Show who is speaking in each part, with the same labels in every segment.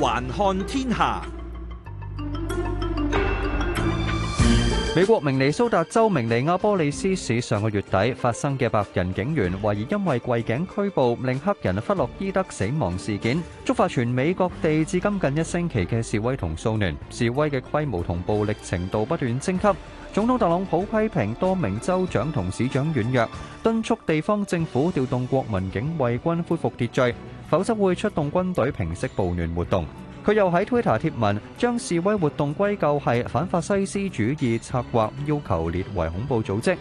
Speaker 1: 環看天下。美國明尼蘇達州明尼亞波利斯市上個月底發生嘅白人警員懷疑因為跪頸拘捕令黑人弗洛伊德死亡事件，觸發全美國地至今近一星期嘅示威同騷亂，示威嘅規模同暴力程度不斷升級。總統特朗普批評多名州長同市長軟弱，敦促地方政府調動國民警衛軍恢復秩序，否則會出動軍隊平息暴亂活動。佢又喺 Twitter 貼文，將示威活動歸咎係反法西斯主義策劃，要求列為恐怖組織。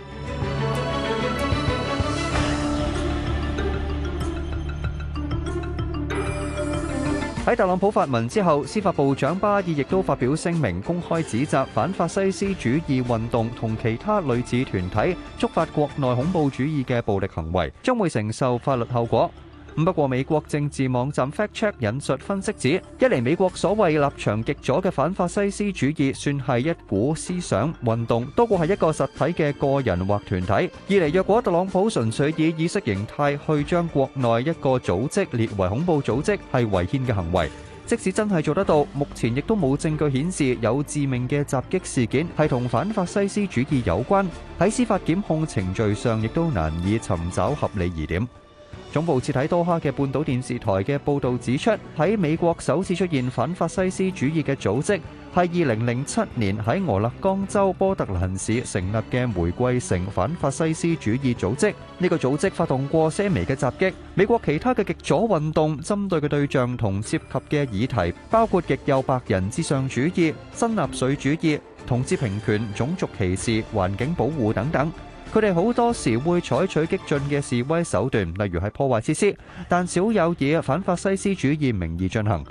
Speaker 1: 喺特朗普發文之後，司法部長巴爾亦都發表聲明，公開指責反法西斯主義運動同其他類似團體觸發國內恐怖主義嘅暴力行為，將會承受法律後果。不過，美國政治網站 FactCheck 引述分析指，總部設喺多哈嘅半島電視台嘅報導指出，喺美國首次出現反法西斯主義嘅組織，係2007佢哋好多時會採取激進嘅示威手段，例如係破壞設施，但少有以反法西斯主義名義進行。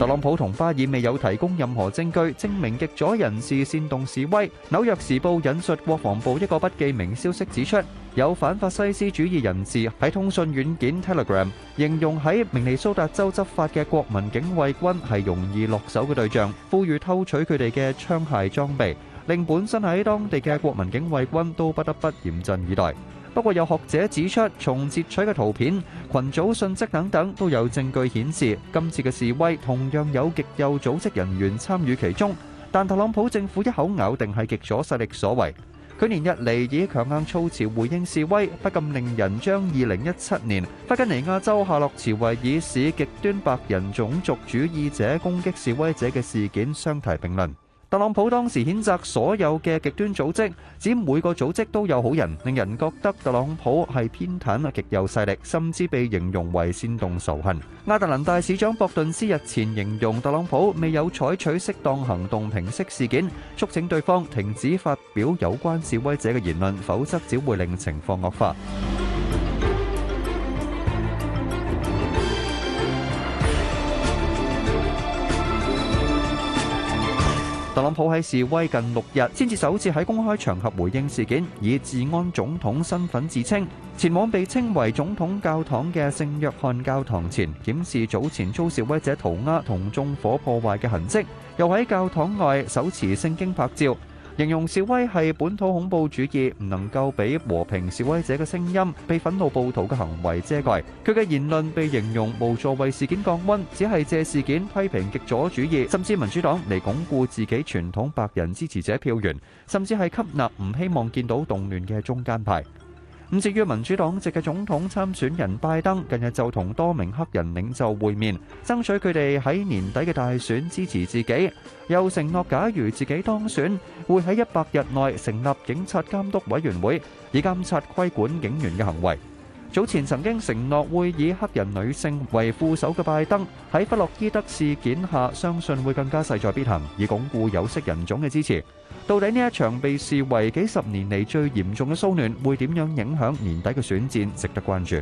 Speaker 1: 特朗普同花爾未有提供任何證據證明極左人士煽動示威。紐約時報引述國防部一個不記名消息指出，有反法西斯主義人士喺通訊軟件不過有學者指出，從截取的圖片、群組訊息等等都有證據顯示，今次嘅示威同樣有極右組織人員參與其中，但特朗普政府一口咬定係極左勢力所為。佢連日嚟以強硬措辭回應示威，不禁令人將2017年弗吉尼亞州夏洛茨維爾市極端白人種族主義者攻擊示威者嘅事件相提並論。特朗普當時譴責所有的極端組織,指每個組織都有好人,令人覺得特朗普係偏袒的極右勢力,甚至被形容為煽動仇恨。亞特蘭大市長博頓斯日前形容特朗普未有採取適當行動平息事件,促請對方停止發表有關示威者的言論,否則只會令情況惡化。特朗普形容示威係本土恐怖主義，唔能夠俾和平示威者嘅聲音，被憤怒暴徒嘅行為遮蓋。佢嘅言論被形容無助為事件降溫，只係借事件批評極左主義，甚至民主黨嚟鞏固自己傳統白人支持者票源，甚至係吸納唔希望見到動亂嘅中間派。咁至於民主黨籍嘅總統參選人拜登，近日就同多名黑人領袖會面，爭取佢哋喺年底嘅大選支持自己，又承諾假如自己當選，會喺一百日內成立警察監督委員會，以監察規管警員嘅行為。早前曾經承諾會以黑人女性為副手嘅拜登，喺弗洛伊德事件下，相信會更加勢在必行，以鞏固有色人種嘅支持。到底呢一場被視為幾十年嚟最嚴重嘅騷亂，會點樣影響年底嘅選戰，值得關注。